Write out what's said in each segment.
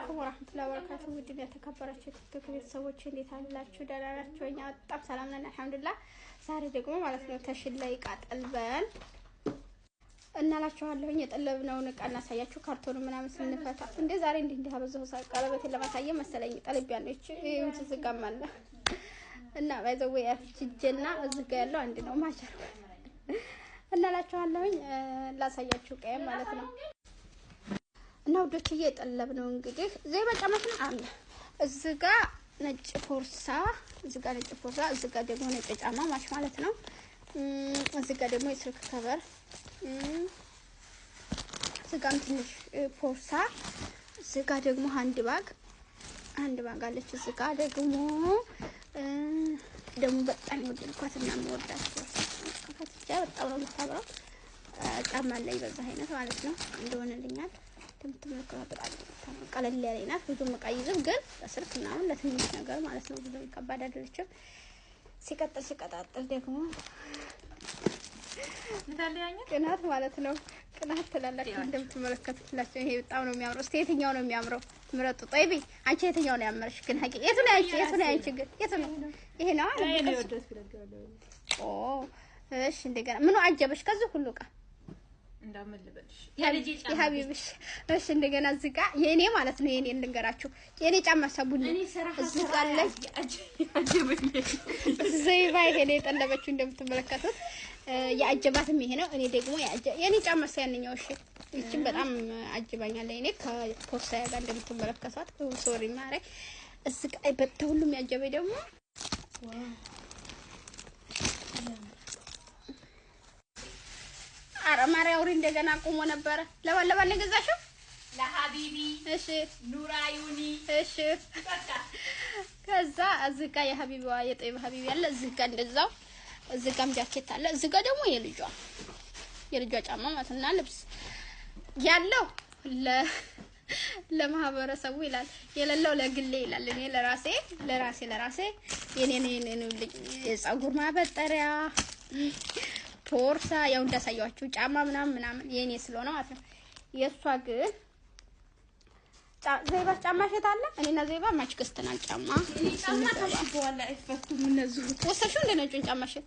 አለይኩም ወራህመቱላሂ ወበረካቱ። ውድ የተከበራችሁ የቲክቶክ ቤተሰቦች እንዴት አላችሁ? ደህና ናችሁ? እኛ በጣም ሰላም ነን አልሐምዱሊላህ። ዛሬ ደግሞ ማለት ነው ተሽን ላይ እቃ ጠልበን እናላችኋለሁኝ። የጠለብነውን እቃ እናሳያችሁ። ካርቶኑ ምናምን ስንፈታ እንደ ዛሬ እንዲህ እንዲህ አበዛሁ። ቀለበትን ለማሳየ መሰለኝ ጠልቤያለሁ። እቺ ትዝጋማለ እና ባይዘው ያፍችጀና እዚህ ጋር ያለው አንድ ነው ማቻ እናላችኋለሁኝ። ላሳያችሁ ቀየም ማለት ነው እና ውዶች እየጠለብ ነው እንግዲህ ዘይ በጫማት ነው አለ። እዚህ ጋ ነጭ ፎርሳ፣ እዚህ ጋ ነጭ ፎርሳ፣ እዚህ ጋ ደግሞ ነጭ ጫማ ማሽ ማለት ነው። እዚህ ጋ ደግሞ የስልክ ከበር፣ እዚህ ጋም ትንሽ ፎርሳ፣ እዚህ ጋ ደግሞ አንድ ባግ አንድ ባግ አለች። እዚህ ጋ ደግሞ ደግሞ በጣም የወደድኳት እና የምወዳት ፎርሳ በጣም ነው የምታምረው። ጫማ ላይ በዛ አይነት ማለት ነው እንደሆነልኛል እንደምትመለከቷት በጣም ቀለል ያለኝ ናት። ብዙም እቃ ግን ለስልክ ምናምን ለትንሽ ነገር ማለት ነው ብዙም ከባድ አይደለችም። ሲቀጥል ሲቀጣጥል ደግሞ ቅናት ማለት ነው ቅናት ትላላችሁ። እንደምትመለከቱላቸው ይሄ በጣም ነው የሚያምረው። እስኪ የትኛው ነው የሚያምረው ምረጡ። ጠይቢ አንቺ የትኛው ነው ያመረሽ? ግን ሀቂ የቱ ነው ያንቺ? የቱ ነው ያንቺ? ግን የቱ ነው ይሄ ነው? እሺ እንደገና ምኑ አጀበሽ ከዚህ ሁሉ እቃ እንዳመልበልሽ እሺ። እንደገና እዚህ ጋ የእኔ ማለት ነው የእኔ ልንገራችሁ፣ የእኔ ጫማ ሳቡኝ እዚህ ጋ ላይ ዘይባ የጠለበችው እንደምትመለከቱት የአጀባትም ይሄ ነው። እኔ ደግሞ የእኔ ጫማ እሺ። ይችን በጣም እኔ ከፖርሳ ጋር እንደምትመለከቷት ሶሪ ማረ እዚህ ጋ በተሁሉም ደግሞ ነበረ? ማርያውሪ እንደገና ቆሞ ነበረ። ለማን ለማን የገዛሽው? ለሀቢቢ እሺ፣ ኑራዩኒ እሺ። ከዛ እዚህ ጋር የሀቢቢዋ የጠይብ ሀቢቢ ያለ እዚህ ጋር እንደዛው እዚህ ጋርም ጃኬት አለ። እዚህ ጋር ደግሞ የልጇ የልጇ ጫማ ማለት እና ልብስ ያለው ለ ለማህበረሰቡ ይላል የሌለው ለግሌ ይላል። እኔ ለራሴ ለራሴ ለራሴ የኔ የኔ የጸጉር ማበጠሪያ ቦርሳ ያው እንዳሳያችሁ ጫማ ምናምን ምናምን የኔ ስለሆነ ማለት ነው። የእሷ ግን ዘይባ ጫማ ሸት አለ። እኔና ዘይባ ማች ገዝተናል ጫማ። እኔ ጫማ ታሽቷል አይፈቱም እነዚህ ወሰሹ እንደ ነጩን ጫማ ሸት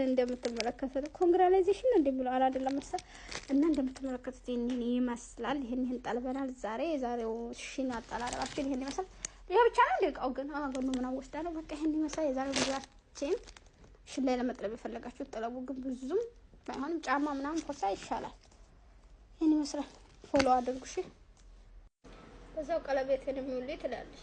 እንደምትመለከቱት ኮንግራላይዜሽን ነው አላ አላደለም መሰል እና እንደምትመለከቱት ይህንን ይመስላል። ይህን ይህን ጠልበናል ዛሬ። የዛሬው ሽን አጠላለባችን ይህን ይመስል ይሄ ብቻ ነው እንደ እቃው ግን አገኑ ምናምን ወስዳ ነው በቃ ይህን ይመስላል። የዛሬው ጊዜያችን ሽን ላይ ለመጥለብ የፈለጋችሁ ጥለቡ፣ ግን ብዙም ባይሆንም ጫማ ምናምን ኮሳ ይሻላል። ይህን ይመስላል። ፎሎ አድርጉ። እሺ በዛው ቀለቤት የሚውል ትላለች